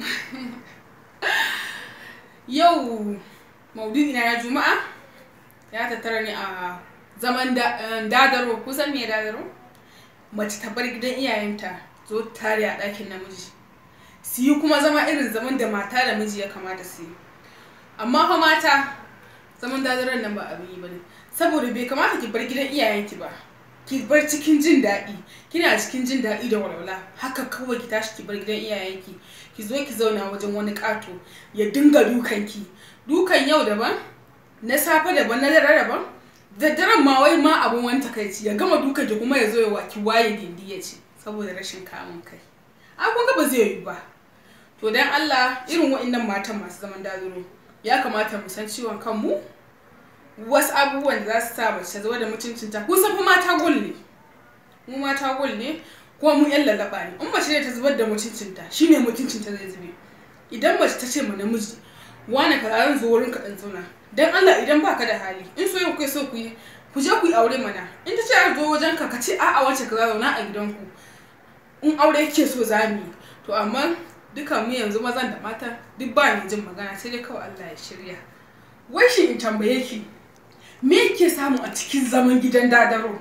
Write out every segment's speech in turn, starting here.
yau Maududi na juma'a ya tattara ne a zaman eh, dadaro kusan me dadaro mace ta bar gidan iyayenta zo tare a ɗakin namiji su yi kuma zama irin zaman da mata da miji ya kamata su yi amma fa mata zaman dadaron nan ba abin yi ba ne saboda bai kamata ki bar gidan iyayenki ba ki bar cikin jin daɗi kina cikin jin daɗi da walwala haka kawai ki tashi ki bar gidan iyayenki ki zo ki zauna wajen wani ƙato ya dinga dukanki dukan yau daban na safe daban na dare daban da daren ma wai ma abin wani takaici ya gama dukan ki kuma ya zo ya waki waye gindi ya ce saboda rashin kamun kai a kun ga ba zai yi ba to dan Allah irin waɗannan matan masu zaman dazuro ya kamata mu san ciwon kanmu wasu abubuwan da za su sa mace ta da mutuncinta kusan fi mata gul ne mu mata gul ne ko mu yan lalaba ne in mace ta zubar da mutuncinta shine mutuncinta zai zube idan mace ta ce ma namiji wani ka zan zo wurin dan zauna dan Allah idan baka da hali in so yau kai so ku yi ku je ku yi aure mana in ta ce a zo wajen ka ka ce a'a wace ka zauna a gidanku in aure yake so za mu yi to amma duka mu yanzu mazan da mata duk ba ni jin magana sai dai kawai Allah ya shirya wai shi in tambaye ki me yake samu a cikin zaman gidan dadaro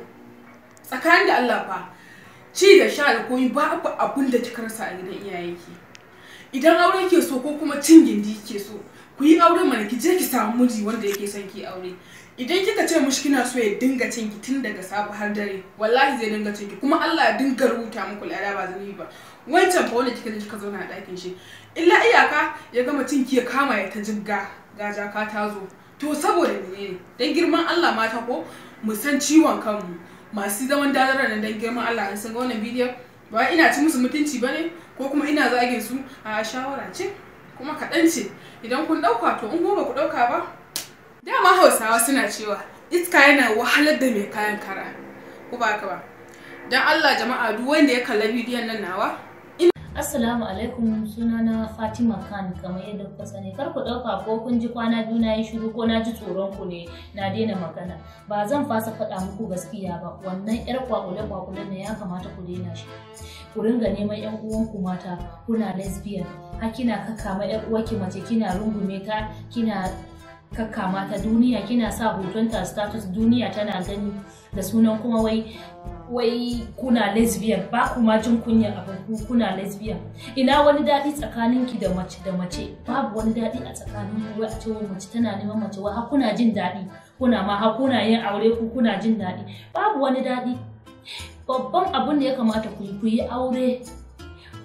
tsakanin da Allah fa ci da sha da koyi ba abu abun da kika rasa a gidan iyaye ki idan aure ke so ko kuma cin gindi ke so ku yi aure mana ki je ki samu miji wanda yake son ki aure idan kika ce mishi kina so ya dinga cin ki tun daga safe har dare wallahi zai dinga cin ki kuma Allah ya dinga rubuta muku lada ba zan yi ba wancan fa wanda kika je kika zauna a ɗakin shi illa iyaka ya gama cin ki ya kama ya ta jigga gaja ka tazo. zo to saboda ne dan girman Allah mata ko mu san ciwon kanmu masu zaman dadara nan dan girman Allah an san wannan bidiyo ba ina ci musu mutunci bane ko kuma ina zagin su a shawara ce kuma kaɗan ce idan kun ɗauka to in goma ku ɗauka ba dama hausawa suna cewa iska yana wahalar da mai kayan kara ko ba haka ba don allah jama'a duk wanda ya kalla bidiyon nan nawa Assalamu alaikum sunana Fatima Khan kamar yadda kuka sani kar ku ɗauka ko kun ji kwana biyu na yi shiru ko na ji tsoron ku ne na daina magana ba zan fasa faɗa muku gaskiya ba wannan yar kwakule kwakule ne ya kamata ku daina shi ku ringa neman yan uwanku mata kuna lesbian har kina kakkama yar ki mace kina rungume ta kina kakkama ta duniya kina sa hoton ta status duniya tana gani da sunan kuma wai wai kuna lesbian ba kuma jin kunyan abin kuna lesbian ina wani daɗi tsakanin ki da mace da mace babu wani daɗi a tsakanin ku wai a ce mace tana neman mace wai har kuna jin daɗi kuna ma har kuna yin aure ku kuna jin daɗi babu wani daɗi babban abin da ya kamata ku yi ku yi aure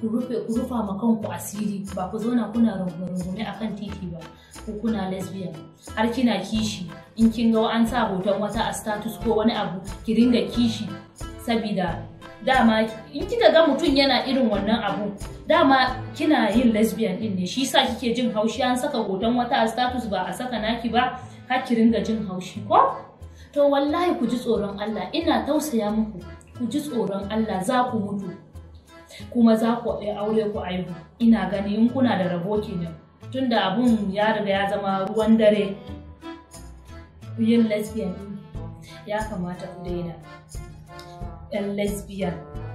ku rufe ku rufa ma kanku asiri ba ku zauna kuna rungume a kan titi ba ko kuna lesbian har kina kishi in kin ga an sa hoton wata a status ko wani abu ki ringa kishi sabida dama in kika ga mutum yana irin wannan abu dama kina yin lesbian din ne shi sa kike jin haushi an saka hoton wata a status ba a saka naki ba har ki ringa jin haushi ko to wallahi ku ji tsoron Allah ina tausaya muku ku ji tsoron Allah za ku mutu kuma za ku aure ku aihu ina gani in kuna da rabo kenan tunda abun ya riga ya zama ruwan dare yin lesbian ya kamata ku daina a lesbian